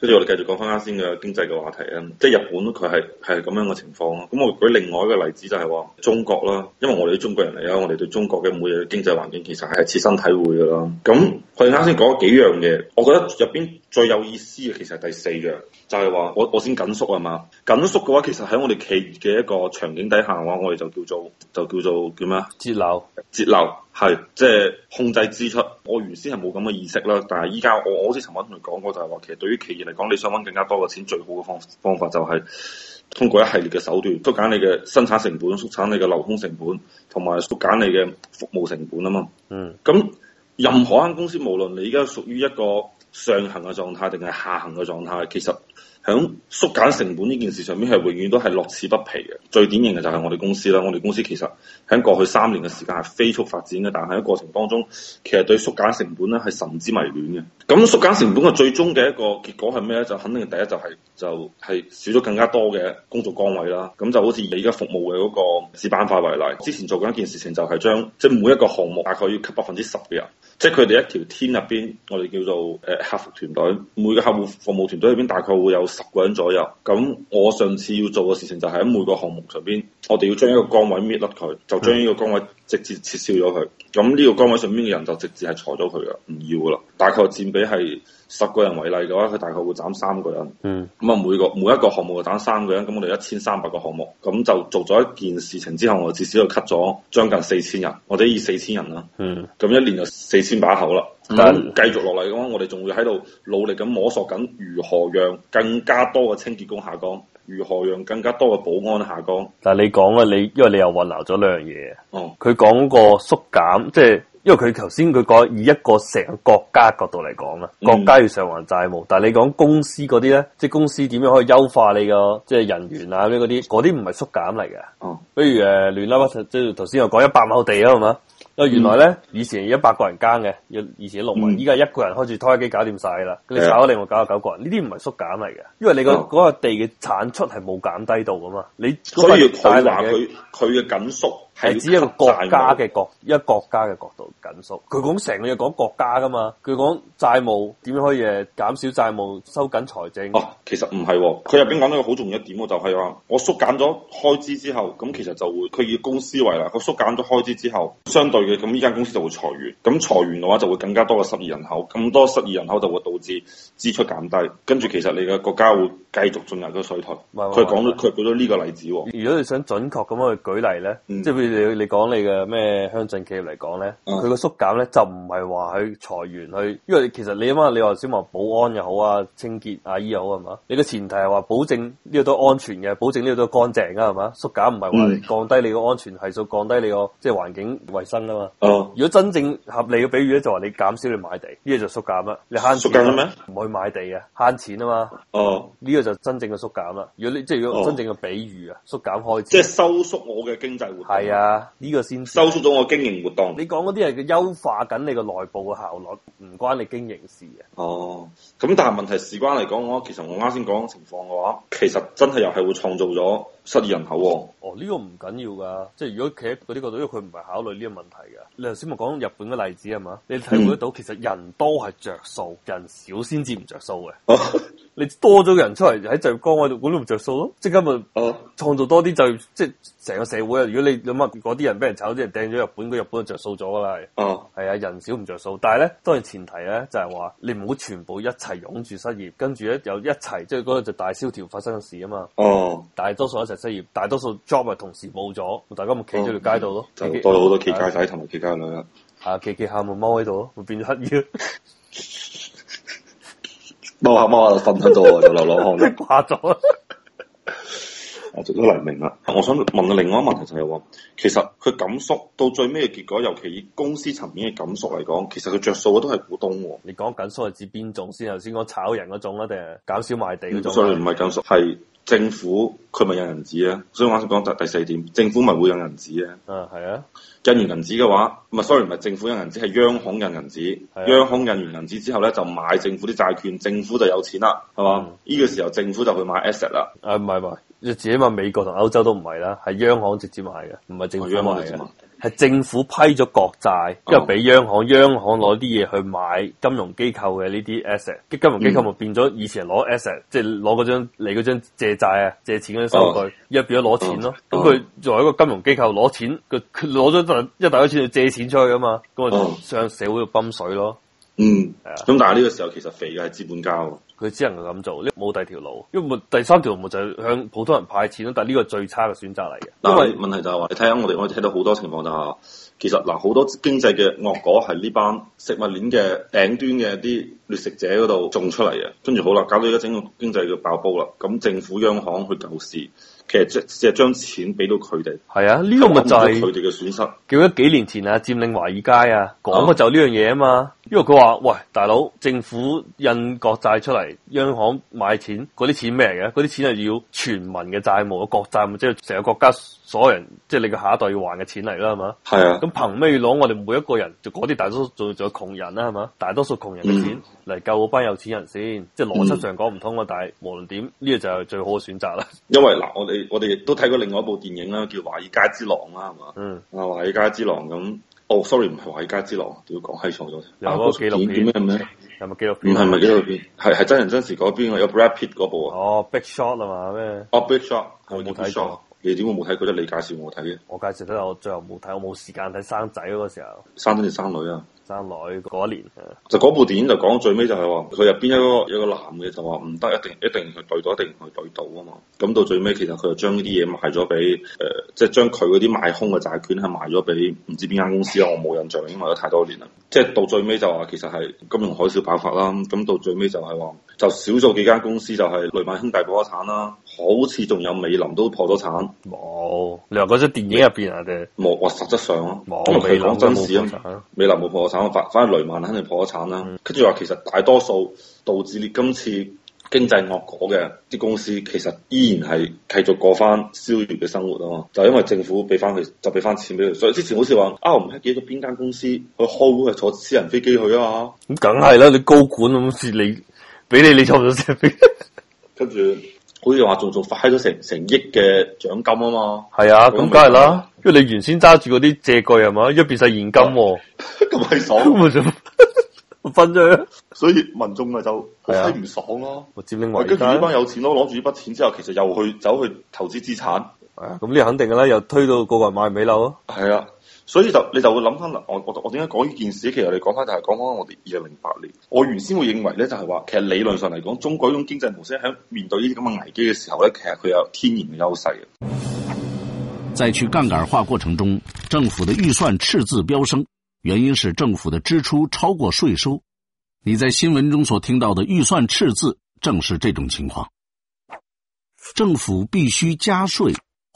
跟住我哋繼續講翻啱先嘅經濟嘅話題啊，即係日本佢係係咁樣嘅情況咯。咁我舉另外一個例子就係話中國啦，因為我哋啲中國人嚟啊，我哋對中國嘅每日經濟環境其實係切身體會噶啦。咁佢啱先講咗幾樣嘢，我覺得入邊，最有意思嘅，其實係第四樣，就係話我我先緊縮啊嘛。緊縮嘅話，其實喺我哋企業嘅一個場景底下嘅話，我哋就叫做就叫做叫咩，節流。節流係即係控制支出。我原先係冇咁嘅意識啦，但係依家我我好似尋晚同佢講過，就係話其實對於企業嚟講，你想揾更加多嘅錢，最好嘅方方法就係通過一系列嘅手段縮減你嘅生產成本、縮減你嘅流通成本，同埋縮減你嘅服務成本啊嘛。嗯，咁，嗯，任何一間公司，無論你而家屬於一個上行嘅狀態定係下行嘅狀態？其實喺縮減成本呢件事上面係永遠都係樂此不疲嘅。最典型嘅就係我哋公司啦，我哋公司其實喺過去三年嘅時間係飛速發展嘅，但係喺過程當中，其實對縮減成本咧係甚之迷戀嘅。咁縮減成本嘅最終嘅一個結果係咩咧？就肯定第一就係就係少咗更加多嘅工作崗位啦。咁就好似你而家服務嘅嗰個置板塊為例，之前做緊一件事情就係將即係每一個項目大概要吸百分之十嘅人。即係佢哋一條 team 入邊，我哋叫做誒、呃、客服團隊，每個客戶服務團隊入邊大概會有十個人左右。咁我上次要做嘅事情就係喺每個項目上邊，我哋要將一個崗位搣甩佢，就將呢個崗位。直接撤銷咗佢，咁呢個崗位上邊嘅人就直接係裁咗佢噶，唔要噶啦。大概佔比係十個人為例嘅話，佢大概會斬三個人。嗯。咁啊，每個每一個項目就斬三個人，咁我哋一千三百個項目，咁就做咗一件事情之後，我至少就 cut 咗將近四千人，或者以四千人啦。嗯。咁一年就四千把口啦。嗯。繼續落嚟嘅話，我哋仲會喺度努力咁摸索緊，如何讓更加多嘅清潔工下崗。如何讓更加多嘅保安下崗？但係你講啊，你因為你又混淆咗兩樣嘢。哦、嗯，佢講個縮減，即、就、係、是、因為佢頭先佢講以一個成個國家角度嚟講啦，國家要償還債務。嗯、但係你講公司嗰啲咧，即係公司點樣可以優化你個即係人員啊呢嗰啲，嗰啲唔係縮減嚟嘅。哦、嗯，比如誒亂啦，即係頭先我講一百畝地啊係嘛。是啊！原來咧、嗯，以前一百個人耕嘅，要以前農民，依家一個人開住拖拉機搞掂晒啦。你炒咗另外九十九個人，呢啲唔係縮減嚟嘅，因為你個嗰、哦那個地嘅產出係冇減低到噶嘛。你所以佢話佢佢嘅緊縮。係指一個國家嘅國一個國家嘅角度緊縮，佢講成日講國家㗎嘛，佢講債務點樣可以誒減少債務收緊財，收緊財政。其實唔係喎，佢入面講到一個好重要一點喎、就是，就係我縮減咗開支之後，咁其實就會佢以公司為例，我縮減咗開支之後，相對嘅咁呢間公司就會裁員，咁裁員嘅話就會更加多嘅失業人口，咁多失業人口就會導致支出減低，跟住其實你嘅國家會繼續進入咗衰退。佢講到，佢舉咗呢個例子喎、哦。如果你想準確咁去舉例呢，嗯、即係譬如。你講講你嘅咩鄉鎮企業嚟講咧，佢個縮減咧就唔係話去裁員去，因為其實你諗下，你話小王保安又好啊，清潔阿姨又好係嘛？你嘅前提係話保證呢個都安全嘅，保證呢個都乾淨啊係嘛？縮減唔係話降低你個安全系數，嗯、降低你個即係環境衛生啊嘛。哦、啊，如果真正合理嘅比喻咧，就話你減少你買地，呢、呢個就縮減啦，你慳錢啦咩？唔去買地啊，慳錢啊嘛。哦，呢個就真正嘅縮減啦。如果你即係如果真正嘅比喻啊，縮減開支。即係收縮我嘅經濟活動。係啊。啊、這個，呢個先收縮咗我經營活動。你講嗰啲係佢優化緊你個內部嘅效率，唔關你經營事嘅。哦，咁但係問題事關嚟講嘅話，其實我啱先講嘅情況嘅話，其實真係又係會創造咗失業人口。哦，呢、這個唔緊要噶，即係如果企喺嗰啲角度，因為佢唔係考慮呢個問題嘅。你頭先咪講日本嘅例子係嘛？你睇唔睇到其實人多係着數，人少先至唔着數嘅。哦 你多咗人出嚟喺就業崗度，本都唔着數咯。即刻咪創造多啲、uh, 就業、是，即係成個社會啊！如果你諗下，嗰啲人俾人炒，啲人掟咗日本嘅日本就着數咗噶啦。哦，係啊，人少唔着數，但係咧，當然前提咧就係、是、話你唔好全部一齊湧住失業，跟住咧又一齊即係嗰個就大蕭條發生嘅事啊嘛。哦、uh，大多數一齊失業，大多數 job 又同時冇咗，大家咪企咗條街度咯。Uh, 多咗好多企街仔同埋企街女啦。啊，企企下，咪踎喺度咯，會變咗乞衣。 冇啊冇啊，瞓喺度又流落汗了，掛 咗挖了，啊，做到黎明啦！我想問另外一個問題、就係話，其實佢減縮到最尾嘅結果，尤其以公司層面嘅減縮嚟講，其實佢着數嘅都係股東。你講緊縮係指邊種先？頭先講炒人嗰種啦，定係搞少賣地嗰種？唔係減縮，係。政府佢咪印銀紙啊？所以啱先講第第四點，政府咪會印銀紙啊？啊，係啊！印完銀紙嘅話，唔係，sorry，唔係政府印銀紙，係央行印銀紙，啊。央行印完銀紙之後咧，就買政府啲債券，政府就有錢啦，係嘛？呢、嗯這個時候政府就去買 asset 啦，嗯嗯。啊，唔係唔係，自己為美國同歐洲都唔係啦，係央行直接買嘅，唔係政府買嘅。係政府批咗國債，之後俾央行，央行攞啲嘢去買金融機構嘅呢啲 asset，啲金融機構咪變咗以前攞 asset，即係攞嗰張你嗰張借債啊，借錢嗰張收據，而、哦、家變咗攞錢咯。咁、哦、佢作為一個金融機構攞錢，佢攞咗一大筆錢去借錢出去噶嘛，咁啊向社會度泵水咯。嗯，係啊。咁但係呢個時候其實肥嘅係資本家。佢只能夠咁做，因為冇第二條路，因為第三條路就係向普通人派錢咯。但係呢個最差嘅選擇嚟嘅。因為問題就係話，你睇下我哋，我哋睇到好多情況就係，其實嗱好多經濟嘅惡果係呢班食物鏈嘅頂端嘅啲。食者嗰度種出嚟啊，跟住好啦，搞到而家整個經濟嘅爆煲啦。咁政府、央行去救市，其實即係將錢俾到佢哋。係啊，呢個咪就係佢哋嘅損失。記得幾年前啊，佔領華爾街啊，講嘅就呢樣嘢啊嘛。因為佢話，喂，大佬，政府印國債出嚟，央行買錢，嗰啲錢咩嘅？嗰啲錢係要全民嘅債務啊，國債即係成個國家所有人，即係你嘅下一代要還嘅錢嚟啦，係嘛？係啊。咁憑咩要攞我哋每一個人？就嗰啲大多數仲仲有窮人啦，係嘛？大多數窮人嘅錢。嗯嚟救嗰班有錢人先，即係邏輯上講唔通啊、嗯！但係無論點，呢個就係最好嘅選擇啦。因為嗱，我哋我哋都睇過另外一部電影啦，叫《華爾街之狼》啦，係嘛？嗯，啊，《oh, sorry, 華爾街之狼》咁，哦，sorry，唔係《華爾街之狼》，屌講係錯咗。有嗰個紀錄片叫咩名？有冇紀錄片？唔、嗯、係，咪紀錄片？係 係真人真事嗰邊有 Brad Pitt 嗰部啊。哦、oh,，Big Shot 啊嘛咩？哦、oh,，Big Shot，我冇睇。你點會冇睇？佢啫？你介紹我睇嘅。我介紹得。我最後冇睇，我冇時間睇生仔嗰個時候。生仔定生女啊？女嗰年，就嗰部電影就講最尾就係話，佢入邊一個有個男嘅就話唔得，一定一定去對賭，一定去對賭啊嘛。咁到最尾其實佢就將呢啲嘢賣咗俾誒，即係將佢嗰啲賣空嘅債券係賣咗俾唔知邊間公司啊？我冇印象，已經賣咗太多年啦。即係到最尾就話其實係金融海嘯爆發啦。咁到最尾就係話，就少咗幾間公司就係雷曼兄弟破咗產啦。好似仲有美林都破咗產，冇、哦、你話嗰齣電影入邊啊？哋，冇實質上咯，冇未講真事，美林冇破咗產。方反而雷曼肯定破咗產啦。跟住話，其實大多數導致你今次經濟惡果嘅啲公司，其實依然係繼續過翻逍遙嘅生活啊嘛。就因為政府俾翻佢，就俾翻錢俾佢。所以之前好似話，啊，我唔係記得邊間公司去開會係坐私人飛機去啊嘛。咁梗係啦，你高管咁似你，俾你你坐唔到車飛，跟住。 好似話仲做發咗成成億嘅獎金啊嘛，係啊，咁梗係啦，因為你原先揸住嗰啲借據係嘛，一變晒現金、啊，咁、啊、係爽，咁咪就？ 分咗，所以民眾咪就好閪唔爽咯、啊。我知佔領，跟住呢班有錢佬攞住呢筆錢之後，其實又去走去投資資產。咁、嗯、呢肯定嘅啦，又推到個人買唔起樓。係啊，所以就你就會諗翻啦。我我我點解講呢件事？其實你講翻就係講翻我哋二零零八年。我原先會認為咧，就係話其實理論上嚟講，中國呢種經濟模式喺面對呢啲咁嘅危機嘅時候咧，其實佢有天然嘅優勢。在去槓桿化過程中，政府的預算赤字飆升，原因是政府的支出超過稅收。你在新聞中所聽到的預算赤字，正是這種情況。政府必須加稅。